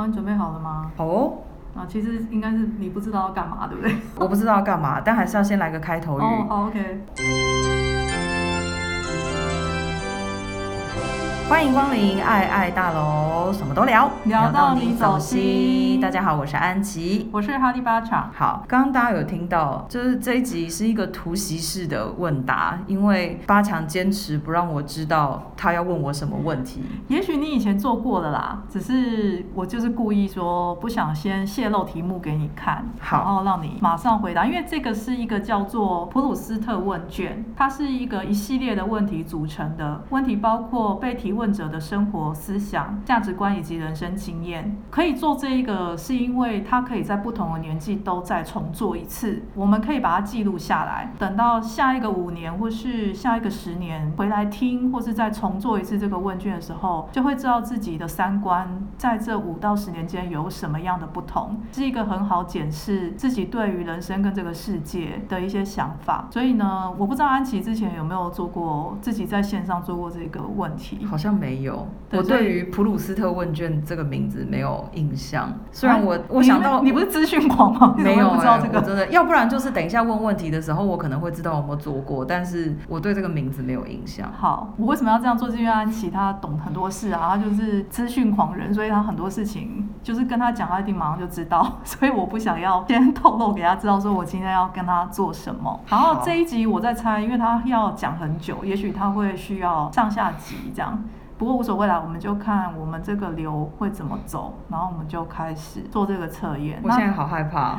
啊，你準備好了嗎？哦，oh？啊，其實應該是你不知道要幹嘛，對不對？我不知道要幹嘛， 但還是要先來個開頭語。哦，好，OK。歡迎光臨愛愛大樓，什麼都聊，聊到你走心。大家好，我是安琪，我是哈利八強。好，剛剛大家有聽到，就是這一集是一個突襲式的問答，因為八強堅持不讓我知道他要問我什麼問題。也許你以前做過了啦，只是我就是故意說不想先泄露題目給你看，好，然後讓你馬上回答，因為這個是一個叫做普魯斯特問卷，它是一個一系列的問題組成的，問題包括被提問。問者的生活、思想、價值觀以及人生經驗。可以做這一個，是因為他可以在不同的年紀都再重做一次。我們可以把它記錄下來，等到下一個五年或是下一個十年回來聽，或是再重做一次這個問卷的時候，就會知道自己的三觀在這五到十年間有什麼樣的不同，是一個很好檢視自己對於人生跟這個世界的一些想法。所以呢，我不知道安琪之前有沒有做過，自己在線上做過這個問題，像沒有，對，我對於普魯斯特問卷這個名字沒有印象。雖然我我想到你不是資訊狂嗎？沒有、欸，我真的 要不然就是等一下問問題的時候，我可能會知道有沒有做過，但是我對這個名字沒有印象。好，我為什麼要這樣做？是因為安琪他懂很多事啊，他就是資訊狂人，所以他很多事情就是跟他講，他一定馬上就知道。所以我不想要先透露給他知道，說我今天要跟他做什麼。好，然後這一集我在猜，因為他要講很久，也許他會需要上下集這樣。不過無所謂啦，我們就看我們這個流會怎麼走，然後我們就開始做這個測驗。我現在好害怕，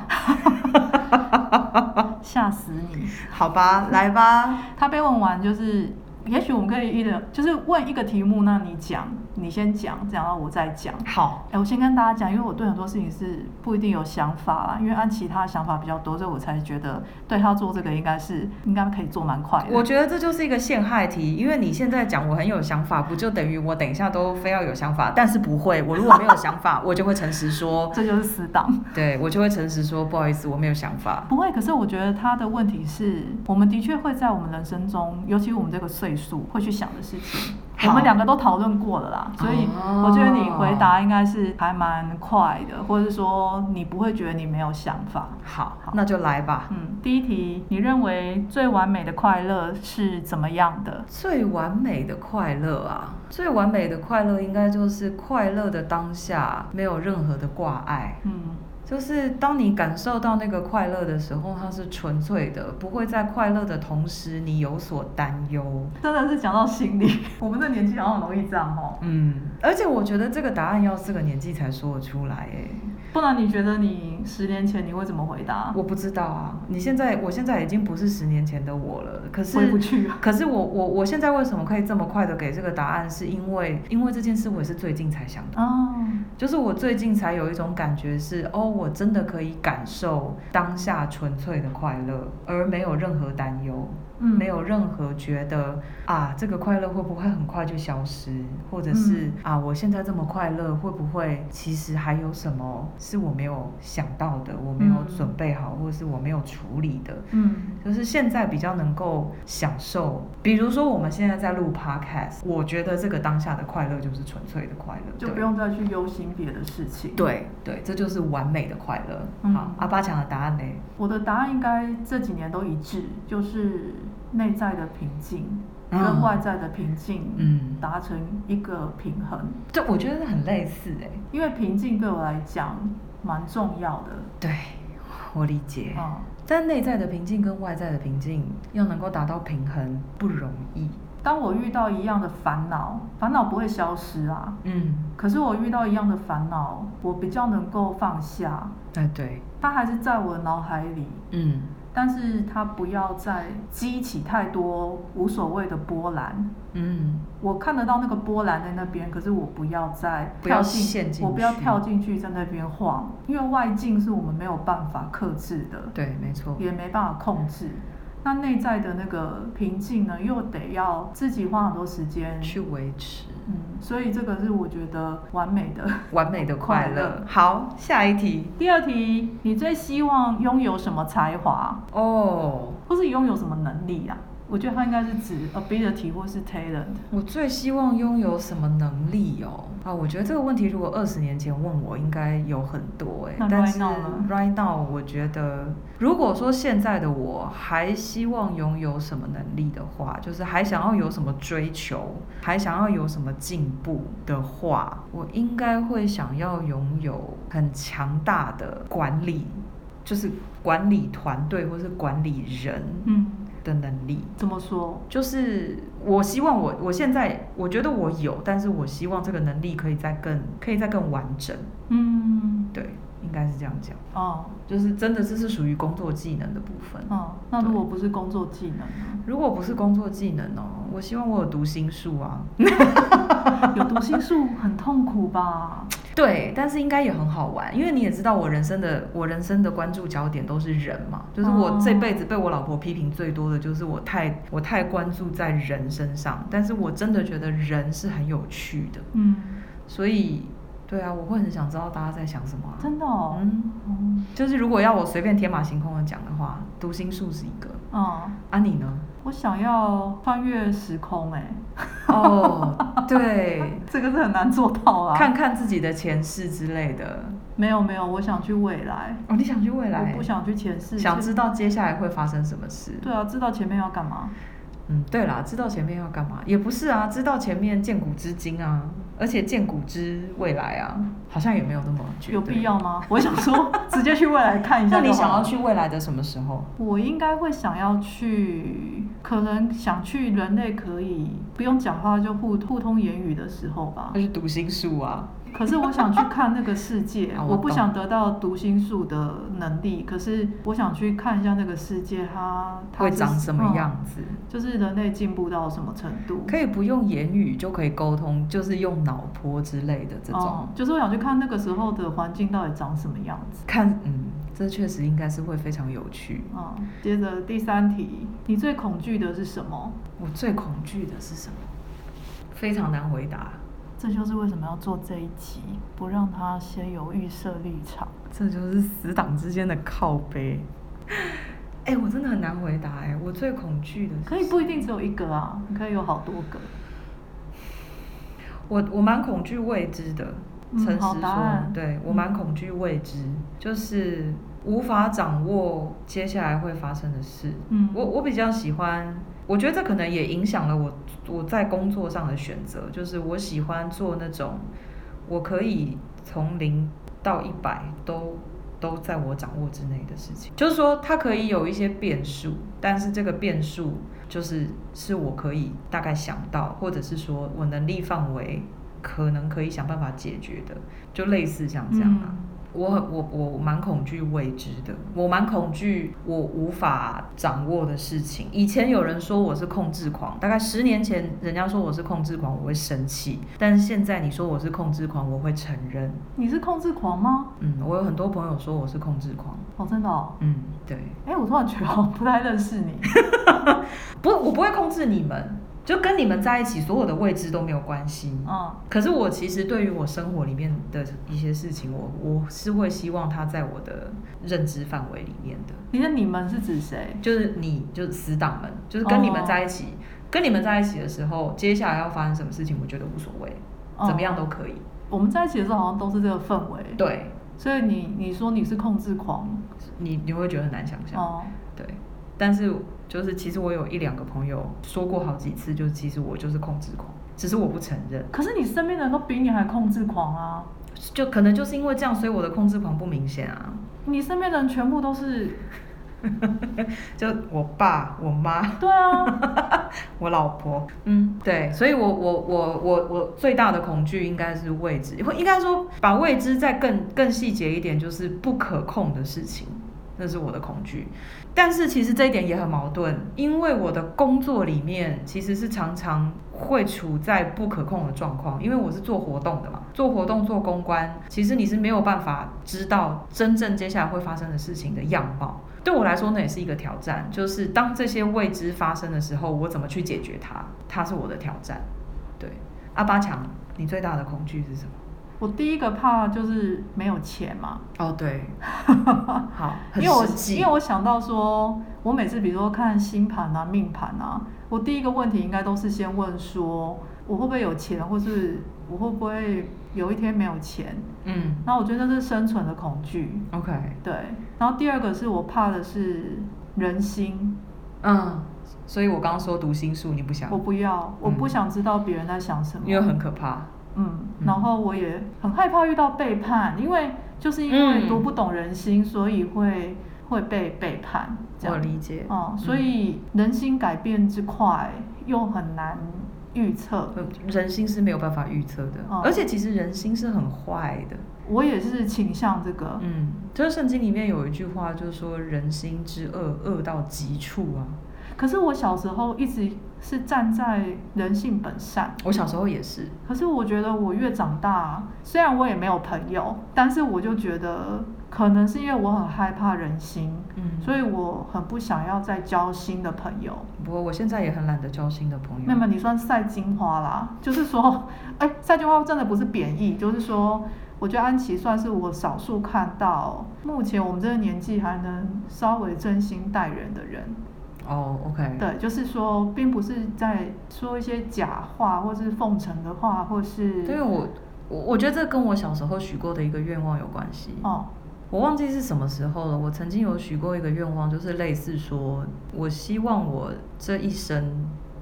嚇 死你！好吧， 來吧。他被問完就是，也許我們可以一個，就是問一個題目，那你講。你先講，這樣我再講。好、欸,我先跟大家講，因為我對很多事情是不一定有想法啦，因為按其他想法比較多，所以我才覺得對他做這個應該是應該可以做蠻快的。我覺得這就是一個陷害題，因為你現在講我很有想法，不就等於我等一下都非要有想法？但是不會，我如果沒有想法， 我就會誠實說這就是死黨。 對，我就會誠實說不好意思，我沒有想法。不會，可是我覺得他的問題是，我們的確會在我們人生中，尤其我們這個歲數會去想的事情。我們兩個都討論過了啦，所以我覺得你回答應該是還蠻快的，哦、或者說你不會覺得你沒有想法。好，好，那就來吧。嗯，第一題，你認為最完美的快樂是怎麼樣的？最完美的快樂啊，最完美的快樂應該就是快樂的當下沒有任何的掛礙。嗯。就是當你感受到那個快樂的時候，它是純粹的，不會在快樂的同時你有所擔憂。真的是講到心裡， 我們的年紀好像很容易這樣哦。嗯，而且我覺得這個答案要這個年紀才說得出來哎。不然你覺得你十年前你會怎麼回答？我不知道啊，你現在，我現在已經不是十年前的我了，可是回不去啊。可是我我我現在為什麼可以這麼快的給這個答案？是因為因為這件事，我也是最近才想的。哦。就是我最近才有一種感覺是哦。我真的可以感受當下純粹的快樂，而沒有任何擔憂。嗯、沒有任何覺得啊，這個快樂會不會很快就消失，或者是、嗯、啊，我現在這麼快樂，會不會其實還有什麼是我沒有想到的，我沒有準備好、嗯，或者是我沒有處理的？嗯，就是現在比較能夠享受，比如說我們現在在錄 podcast，我覺得這個當下的快樂就是純粹的快樂，就不用再去憂心別的事情。對對，這就是完美的快樂。嗯、好，阿八強的答案呢？我的答案應該這幾年都一致，就是。內在的平靜跟外在的平靜達成一個平衡、嗯嗯，這我覺得很類似誒、欸，因為平靜對我來講蠻重要的。對，我理解。嗯、但內在的平靜跟外在的平靜要能夠達到平衡不容易。當我遇到一樣的煩惱，煩惱不會消失啊。嗯。可是我遇到一樣的煩惱，我比較能夠放下。哎、欸，對。它還是在我的腦海裡。嗯。但是他不要再激起太多無所謂的波瀾。嗯，我看得到那個波瀾在那邊，可是我不要再跳進，不要陷進去，我不要跳進去在那邊晃，因為外境是我們沒有辦法克制的，嗯、對，沒錯，也沒辦法控制。嗯那內在的那個平靜呢，又得要自己花很多時間去維持。嗯，所以這個是我覺得完美的，完美的快樂。好，下一題，第二題，你最希望擁有什麼才華？哦，或是擁有什麼能力啊？我覺得他應該是指 ability 或是 talent。我最希望擁有什麼能力哦，啊，我覺得這個問題如果二十年前問我，應該有很多、欸、那、right、但是 now 呢 right now，我覺得，如果說現在的我還希望擁有什麼能力的話，就是還想要有什麼追求，嗯、還想要有什麼進步的話，我應該會想要擁有很強大的管理，就是管理團隊或是管理人。嗯。的能力怎麼說？就是我希望我我現在我覺得我有，但是我希望這個能力可以再更可以再更完整。嗯，對，應該是這樣講。哦，就是真的這是屬於工作技能的部分。哦，那如果不是工作技能呢？如果不是工作技能哦，我希望我有讀心術啊！有讀心術很痛苦吧？ 對，但是應該也很好玩，因為你也知道我人生的我人生的關注焦點都是人嘛，就是我這輩子被我老婆批評最多的就是我太我太關注在人身上，但是我真的覺得人是很有趣的，嗯，所以對啊，我會很想知道大家在想什麼、啊，真的哦，嗯，就是如果要我隨便天馬行空的講的話，讀心術是一個，哦、嗯，啊你呢？我想要穿越時空，哎。哦，對， 這個是很難做到啊。看看自己的前世之類的。沒有沒有，我想去未來。哦，你想去未來？嗯、我不想去前世前。想知道接下來會發生什麼事、嗯？對啊，知道前面要幹嘛。嗯，對啦，知道前面要幹嘛也不是啊，知道前面見古知今啊。而且見古之未來啊，好像也沒有那麼絕對。有必要嗎？ 我想說，直接去未來看一下。 那你想要去未來的什麼時候？我應該會想要去，可能想去人類可以不用講話就互互通言語的時候吧。那是讀心術啊。 可是我想去看那個世界， 我不想得到讀心術的能力。可是我想去看一下那個世界它，它它會長什麼樣子？嗯、就是人類進步到什麼程度？可以不用言語就可以溝通，就是用腦波之類的這種、嗯。就是我想去看那個時候的環境到底長什麼樣子。看，嗯，這確實應該是會非常有趣。嗯，接着第三題，你最恐懼的是什麼？我最恐懼的是什麼？非常難回答。嗯這就是為什麼要做這一集，不讓他先有預設立場。這就是死黨之間的靠杯。哎、欸，我真的很難回答。哎、欸，我最恐懼的是可以不一定只有一個啊，你可以有好多個。我我蠻恐懼未知的，誠實說，對我蠻恐懼未知、嗯，就是無法掌握接下來會發生的事。嗯，我我比較喜歡。我覺得這可能也影響了我我在工作上的選擇，就是我喜歡做那種我可以從零到一百都都在我掌握之內的事情，就是說它可以有一些變數，但是這個變數就是是我可以大概想到，或者是說我能力範圍可能可以想辦法解決的，就類似像這樣啊。嗯我我我蠻恐懼未知的，我蠻恐懼我無法掌握的事情。以前有人說我是控制狂，大概十年前人家說我是控制狂，我會生氣。但是現在你說我是控制狂，我會承認。你是控制狂嗎？嗯，我有很多朋友說我是控制狂。哦，真的哦？嗯，對。哎、欸，我突然覺得我不太認識你。 不，我不會控制你們。就跟你們在一起，所有的未知都沒有關係。哦、嗯。可是我其實對於我生活裡面的一些事情，我我是會希望他在我的認知範圍裡面的。你說你們是指誰？就是你，就是死黨們，就是跟你們在一起，哦、跟你們在一起的時候，接下來要發生什麼事情，我覺得無所謂、哦，怎麼樣都可以。我們在一起的時候好像都是這個氛圍。對。所以你你說你是控制狂，你你會覺得很難想象。哦。但是就是，其實我有一兩個朋友說過好幾次，就是其實我就是控制狂，只是我不承認。可是你身邊的人都比你還控制狂啊！就可能就是因為這樣，所以我的控制狂不明顯啊。你身邊的人全部都是， 就我爸、我媽，對啊， 我老婆，嗯，對。所以我我我我我最大的恐懼應該是未知，或應該說把未知再更更細節一點，就是不可控的事情。那是我的恐懼，但是其實這一點也很矛盾，因為我的工作裡面其實是常常會處在不可控的狀況，因為我是做活動的嘛，做活動做公關，其實你是沒有辦法知道真正接下來會發生的事情的樣貌。對我來說，那也是一個挑戰，就是當這些未知發生的時候，我怎麼去解決它？它是我的挑戰。對，阿八強，你最大的恐懼是什麼？我第一個怕就是沒有錢嘛。哦，對，哈 因為我因為我想到說，我每次比如說看星盤啊、命盤啊，我第一個問題應該都是先問說，我會不會有錢，或是我會不會有一天沒有錢？嗯，那我覺得這是生存的恐懼。OK，對。然後第二個是我怕的是人心。嗯，所以我剛剛說讀心術，你不想？我不要，我不想知道別人在想什麼。嗯，因為很可怕。嗯,嗯，然後我也很害怕遇到背叛，因為就是因為讀不懂人心，嗯、所以會會被背叛。我理解。哦、嗯，所以人心改變之快又很難預測。嗯、人心是沒有辦法預測的、嗯，而且其實人心是很壞的。嗯、我也是傾向這個。嗯，就是聖經裡面有一句話，就是說人心之惡惡到極處啊。可是我小時候一直。是站在人性本善。我小時候也是，可是我覺得我越長大，雖然我也沒有朋友，但是我就覺得可能是因為我很害怕人心，嗯，所以我很不想要再交新的朋友。不過我現在也很懶得交新的朋友。妹妹，你算賽金花啦？ 就是說，哎、欸，賽金花真的不是貶義，就是說，我覺得安琪算是我少數看到目前我們這個年紀還能稍微真心待人的人。哦，OK。對，就是說，並不是在說一些假話，或是奉承的話，或是。對我，我我覺得這跟我小時候許過的一個願望有關係。哦。我忘記是什麼時候了。我曾經有許過一個願望，就是類似說，我希望我這一生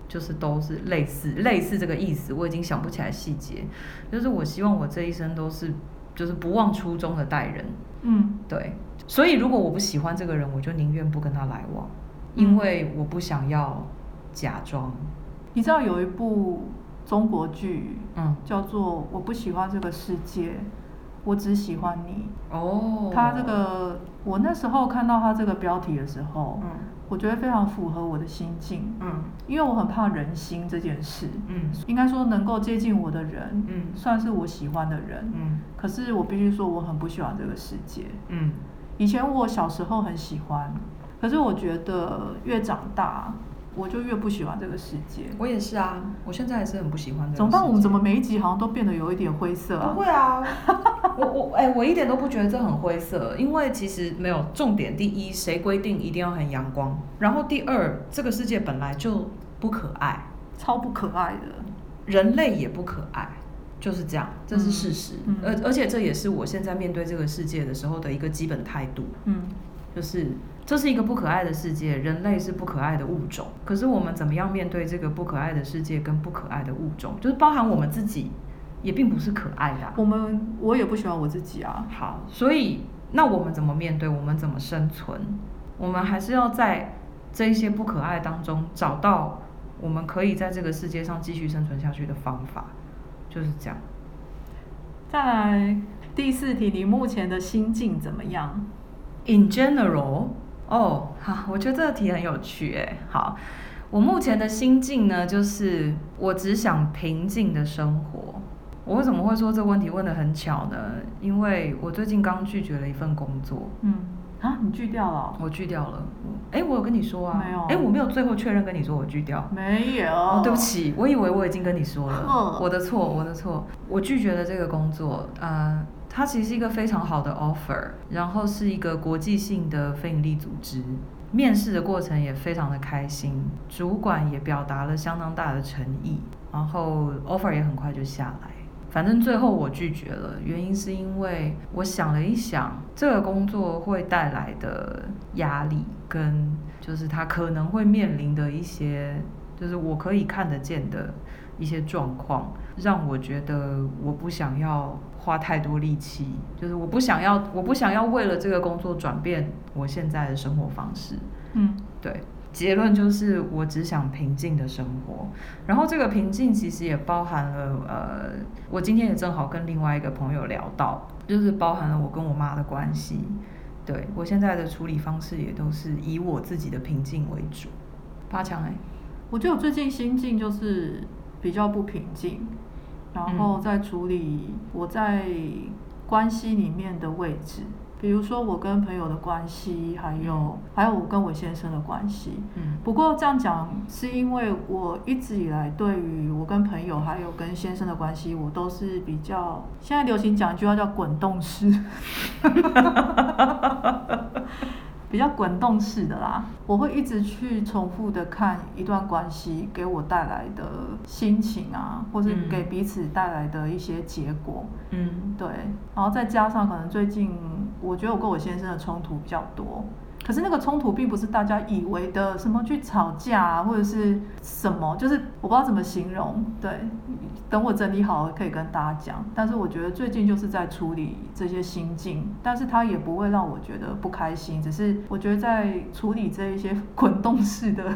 就是都是類似類似這個意思。我已經想不起來細節，就是我希望我這一生都是就是不忘初衷的待人。嗯，對。所以如果我不喜歡這個人，我就寧願不跟他來往。因為我不想要假裝，你知道有一部中國劇，叫做《我不喜歡這個世界，我只喜歡你》。哦，他這個我那時候看到他這個標題的時候，嗯，我覺得非常符合我的心境，嗯，因為我很怕人心這件事，嗯，應該說能夠接近我的人，嗯，算是我喜歡的人，嗯，可是我必須說我很不喜歡這個世界，嗯，以前我小時候很喜歡。可是我覺得越長大，我就越不喜歡這個世界。我也是啊，我現在還是很不喜歡。怎麼辦？我們怎麼每一集好像都變得有一點灰色啊？不會啊， 我我哎、欸，我一點都不覺得這很灰色，因為其實沒有重點。第一，誰規定一定要很陽光？然後第二，這個世界本來就不可愛，超不可愛的。人類也不可愛，就是這樣，這是事實。而、嗯、而且這也是我現在面對這個世界的時候的一個基本態度。嗯。就是這是一個不可愛的世界，人類是不可愛的物種。可是我們怎麼樣面對這個不可愛的世界跟不可愛的物種？就是包含我們自己，也並不是可愛的啊。我們我也不喜歡我自己啊。好，所以那我們怎麼面對？我們怎麼生存？我們還是要在這一些不可愛當中找到我們可以在這個世界上繼續生存下去的方法，就是這樣。再來第四題，你目前的心境怎麼樣？In general，哦，好，我覺得這個題很有趣欸，好，我目前的心境呢，就是我只想平靜的生活。我為什麼會說這個問題問得很巧呢？因為我最近剛拒絕了一份工作。嗯，啊，你拒掉了？我拒掉了。欸，我有跟你說啊？沒有。欸，我沒有最後確認跟你說我拒掉。沒有。哦，對不起，我以為我已經跟你說了。我的錯，我的錯。我拒絕了這個工作，呃。它其實是一個非常好的 offer，然後是一個國際性的非營利組織，面試的過程也非常的開心，主管也表達了相當大的誠意，然後 offer 也很快就下來。反正最後我拒絕了，原因是因為我想了一想，這個工作會帶來的壓力跟就是他可能會面臨的一些，就是我可以看得見的一些狀況，讓我覺得我不想要。花太多力氣，就是我不想要，我不想要為了這個工作轉變我現在的生活方式。嗯，對，結論就是我只想平靜的生活。然後這個平靜其實也包含了，呃，我今天也正好跟另外一個朋友聊到，就是包含了我跟我媽的關係。對我現在的處理方式也都是以我自己的平靜為主。八強誒，我覺得我最近心境就是比較不平靜。然後再處理我在關係裡面的位置，嗯、比如說我跟朋友的關係，還有、嗯、還有我跟我先生的關係。嗯，不過這樣講是因為我一直以來對於我跟朋友還有跟先生的關係，我都是比較現在流行講一句話叫滾動式。 比較滾動式的啦，我會一直去重複的看一段關係給我帶來的心情啊，或是給彼此帶來的一些結果，嗯。嗯，對，然後再加上可能最近，我覺得我跟我先生的衝突比較多。可是那個衝突並不是大家以為的什麼去吵架，啊、或者是什麼，就是我不知道怎麼形容。對，等我整理好可以跟大家講。但是我覺得最近就是在處理這些心境，但是它也不會讓我覺得不開心，只是我覺得在處理這一些滾動式的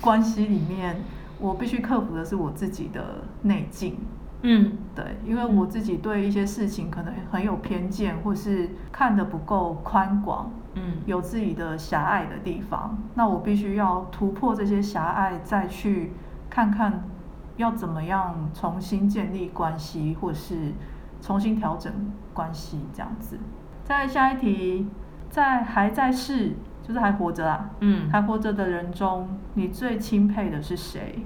關係裡面，我必須克服的是我自己的內境。嗯，對，因為我自己對一些事情可能很有偏見，或是看得不夠寬廣。嗯，有自己的狹隘的地方，那我必須要突破這些狹隘，再去看看要怎麼樣重新建立關係，或者是重新調整關係這樣子。再下一題，在還在世，就是還活着啦。嗯，還活着的人中，你最欽佩的是誰？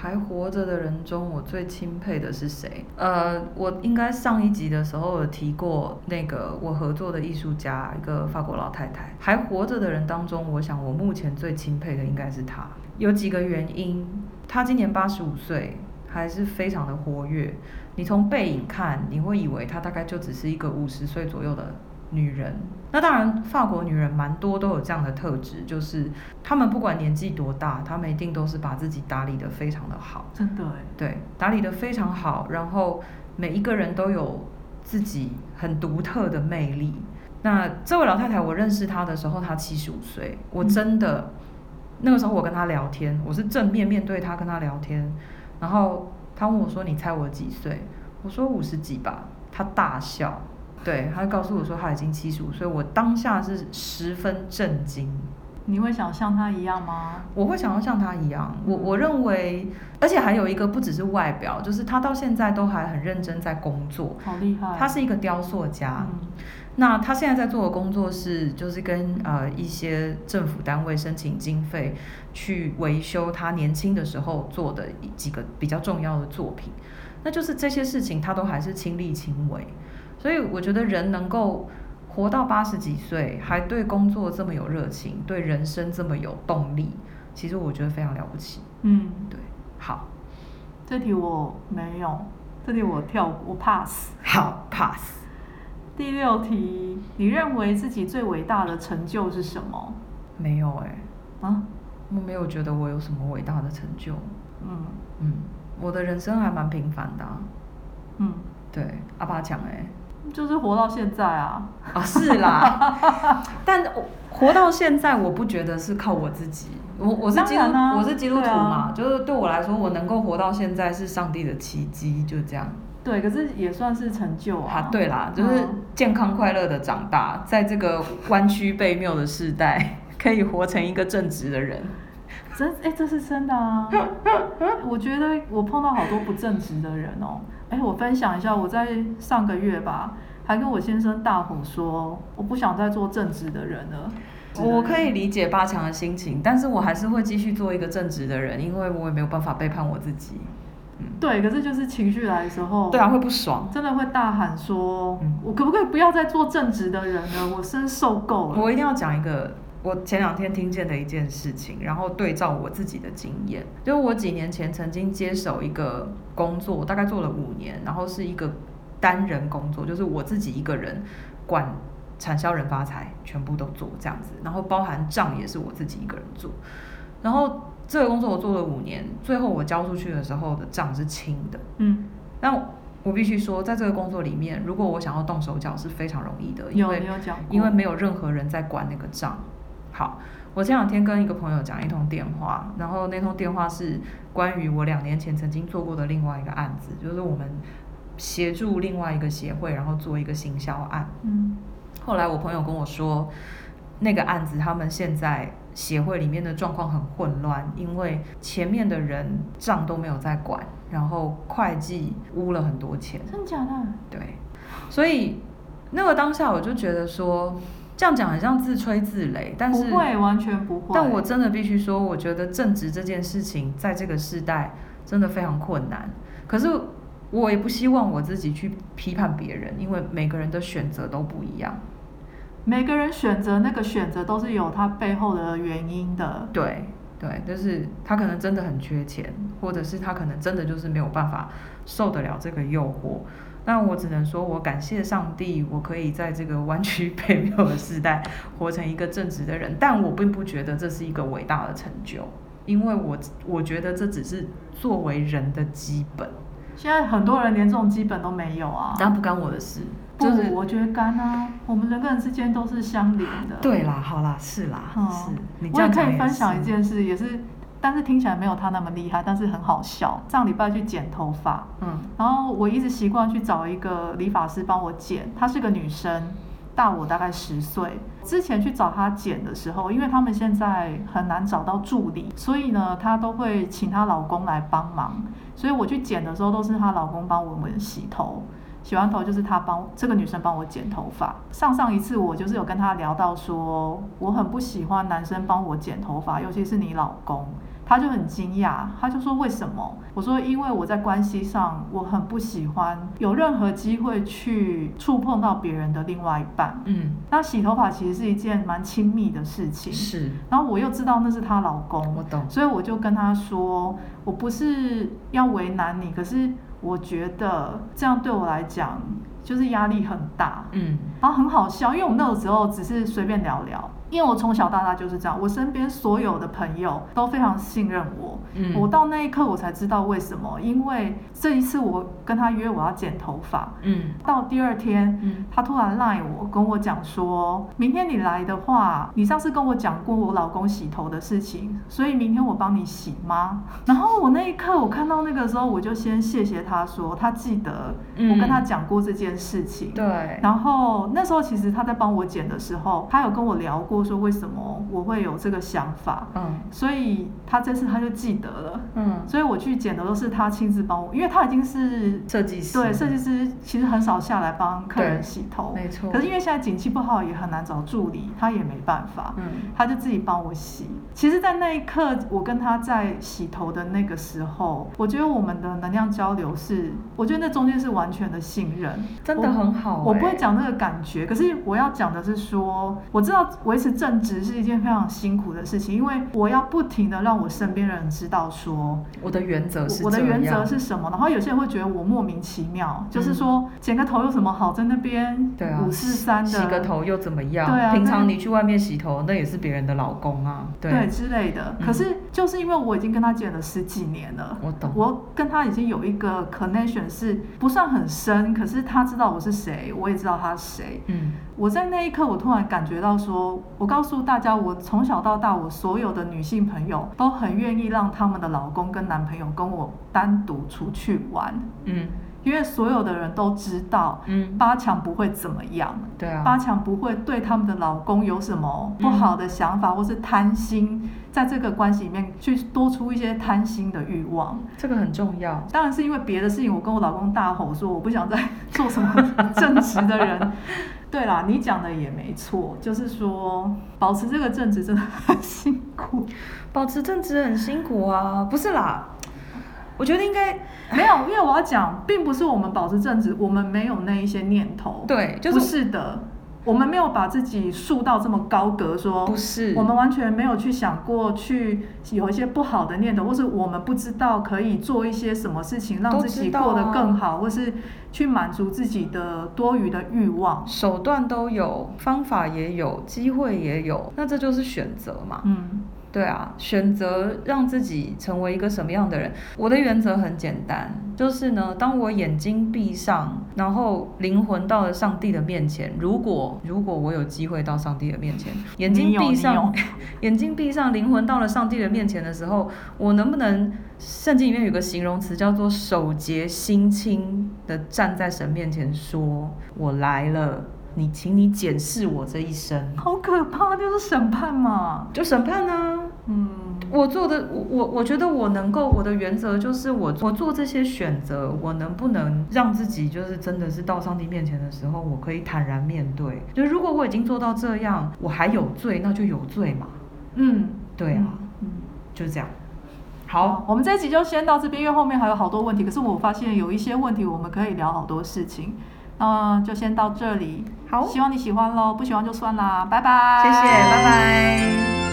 還活着的人中，我最欽佩的是誰？呃，我應該上一集的時候有提過那個我合作的藝術家，一個法國老太太。還活着的人當中，我想我目前最欽佩的應該是她，有幾個原因。她今年八十五歲，還是非常的活躍。你從背影看，你會以為她大概就只是一個五十歲左右的。女人，那當然，法國女人蠻多都有這樣的特質，就是她們不管年紀多大，她們一定都是把自己打理得非常的好。真的、欸、對，打理得非常好，然後每一個人都有自己很獨特的魅力。那這位老太太，我認識她的時候，她七十五歲，我真的、嗯、那個時候我跟她聊天，我是正面面對她跟她聊天，然後她問我說：“你猜我幾歲？”我說：“五十幾吧。”她大笑。對，他告訴我說他已經七十五歲，所以我當下是十分震驚。你會想像他一樣嗎？我會想要像他一樣，我我認為，而且還有一個不只是外表，就是他到現在都還很認真在工作。好厲害！他是一個雕塑家，嗯、那他現在在做的工作是，就是跟呃一些政府單位申請經費去維修他年輕的時候做的幾個比較重要的作品，那就是這些事情他都還是親力親為。所以我覺得人能夠活到八十幾歲，還對工作這麼有熱情，對人生這麼有動力，其實我覺得非常了不起。嗯，對。好，這題我沒有，這題我跳，我 pass。好，pass。第六題，你認為自己最偉大的成就是什麼？沒有哎、欸。啊？我沒有覺得我有什麼偉大的成就。嗯嗯，我的人生還蠻平凡的、啊。嗯，對，阿爸講哎、欸。就是活到現在啊、哦！啊是啦， 但活到現在，我不覺得是靠我自己，我我是基督、啊，我是基督徒嘛、啊，就是對我來說，我能夠活到現在是上帝的奇跡，就這樣。對，可是也算是成就啊。啊對啦，就是健康快樂的長大，嗯、在這個彎曲悖謬的世代，可以活成一個正直的人。真誒、欸，這是真的啊！ 我覺得我碰到好多不正直的人哦。哎、欸，我分享一下，我在上個月吧，還跟我先生大吼說，我不想再做正直的人了，是的。我可以理解八強的心情，但是我還是會繼續做一個正直的人，因為我也沒有辦法背叛我自己。嗯，對，可是就是情緒來的時候，對啊，會不爽，真的會大喊說，我可不可以不要再做正直的人了？我真受夠了。我一定要講一個。我前兩天聽見的一件事情，然後對照我自己的經驗，就是我幾年前曾經接手一個工作，大概做了五年，然後是一個單人工作，就是我自己一個人管產銷人發財，全部都做這樣子，然後包含賬也是我自己一個人做。然後這個工作我做了五年，最後我交出去的時候的賬是清的。嗯，那我必須說，在這個工作裡面，如果我想要動手腳是非常容易的，因為因為沒有任何人在管那個賬。好，我這兩天跟一個朋友講一通電話，然後那通電話是關於我兩年前曾經做過的另外一個案子，就是我們協助另外一個協會，然後做一個行銷案。嗯。後來我朋友跟我說，那個案子他們現在協會裡面的狀況很混亂，因為前面的人賬都沒有在管，然後會計污了很多錢。真的假的？對。所以那個當下我就覺得說。這樣講很像自吹自擂，但是，不會，完全不會。但我真的必須說，我覺得正直這件事情在這個時代真的非常困難。可是我也不希望我自己去批判別人，因為每個人的選擇都不一樣。每個人選擇那個選擇都是有他背後的原因的。對對，就是他可能真的很缺錢，或者是他可能真的就是沒有辦法受得了這個誘惑。那我只能說，我感謝上帝，我可以在這個彎曲悖謬的時代活成一個正直的人，但我並不覺得這是一個偉大的成就，因為我我覺得這只是作為人的基本。現在很多人連這種基本都沒有啊。那、嗯、不干我的事。不，就是、我覺得干啊，我們人跟人之間都是相連的。對啦，好啦，是啦，嗯、是，你這樣是。我也可以分享一件事，也是。但是聽起來沒有他那麼厲害，但是很好笑。上禮拜去剪頭髮，嗯，然後我一直習慣去找一個理髮師幫我剪。她是個女生，大我大概十歲。之前去找她剪的時候，因為他們現在很難找到助理，所以呢，她都會請她老公來幫忙。所以我去剪的時候都是她老公幫我們洗頭，洗完頭就是她幫這個女生幫我剪頭髮。上上一次我就是有跟她聊到說，我很不喜歡男生幫我剪頭髮，尤其是你老公。他就很驚訝，他就說：“為什麼？”我說：“因為我在關係上，我很不喜歡有任何機會去觸碰到別人的另外一半。”嗯，那洗頭髮其實是一件蠻親密的事情。是。然後我又知道那是她老公。我懂。所以我就跟他說：“我不是要為難你，可是我覺得這樣對我來講就是壓力很大。”嗯。然後很好笑，因為我們那個時候只是隨便聊聊。因為我從小到大就是這樣，我身邊所有的朋友都非常信任我。嗯，我到那一刻我才知道為什麼，因為這一次我跟他約我要剪頭髮。嗯，到第二天，嗯，他突然賴我，跟我講說，明天你來的話，你上次跟我講過我老公洗頭的事情，所以明天我幫你洗嗎？然後我那一刻我看到那個時候，我就先謝謝他說他記得我跟他講過這件事情。嗯，對。然後那時候其實他在幫我剪的時候，他有跟我聊過。或者說為什麼我會有這個想法？嗯，所以他這次他就記得了。嗯，所以我去剪的都是他親自幫我，因為他已經是設計師，對，設計師其實很少下來幫客人洗頭，沒錯。可是因為現在景氣不好，也很難找助理，他也沒辦法，嗯，他就自己幫我洗。其實，在那一刻，我跟他在洗頭的那個時候，我覺得我們的能量交流是，我覺得那中間是完全的信任，真的很好欸，我，我不會講那個感覺，可是我要講的是說，我知道我。是正直是一件非常辛苦的事情，因為我要不停的讓我身邊的人知道說我的原則是，我的原則是，是什麼。然後有些人會覺得我莫名其妙，嗯、就是說剪個頭有什麼好，在那邊、對啊、五四三的洗個頭又怎麼樣？對啊，平常你去外面洗頭，那也是別人的老公啊，對，對之類的、嗯。可是就是因為我已經跟他剪了十幾年了，我懂。我跟他已經有一個 connection 是不算很深，可是他知道我是誰，我也知道他是誰，嗯。我在那一刻，我突然感覺到，說我告訴大家，我從小到大，我所有的女性朋友都很願意讓她們的老公跟男朋友跟我單獨出去玩，嗯。因為所有的人都知道，嗯，八強不會怎麼樣，嗯、對啊，八強不會對他們的老公有什麼不好的想法，或是貪心、嗯，在這個關係裡面去多出一些貪心的慾望。這個很重要，當然是因為別的事情，我跟我老公大吼說，我不想再做什麼正直的人。 對啦，你講的也沒錯，就是說保持這個正直真的很辛苦，保持正直很辛苦啊，不是啦。我覺得應該沒有，因為我要講，並不是我們保持正直，我們沒有那一些念頭。對，就是、不是的，我們沒有把自己豎到這麼高格說，說不是，我們完全沒有去想過去有一些不好的念頭，或是我們不知道可以做一些什麼事情讓自己過得更好，啊、或是去滿足自己的多餘的慾望。手段都有，方法也有，機會也有，那這就是選擇嘛。嗯。對啊，選擇讓自己成為一個什麼樣的人，我的原則很簡單，就是呢，當我眼睛閉上，然後靈魂到了上帝的面前，如果如果我有機會到上帝的面前，眼睛閉上， 眼睛閉上，靈魂到了上帝的面前的時候，我能不能，聖經裡面有個形容詞叫做手潔心清的站在神面前說，說我來了，你請你檢視我這一生。好可怕，就是審判嘛，就審判啊。嗯，我做的我我我覺得我能夠我的原則就是我做我做這些選擇，我能不能讓自己就是真的是到上帝面前的時候，我可以坦然面對。就如果我已經做到這樣，我還有罪，那就有罪嘛。嗯，對啊，嗯，就是這樣。好，嗯，我們這一集就先到這邊，因為後面還有好多問題。可是我發現有一些問題，我們可以聊好多事情。嗯，就先到這裡。好，希望你喜歡嘍，不喜歡就算啦，拜拜。謝謝，拜拜。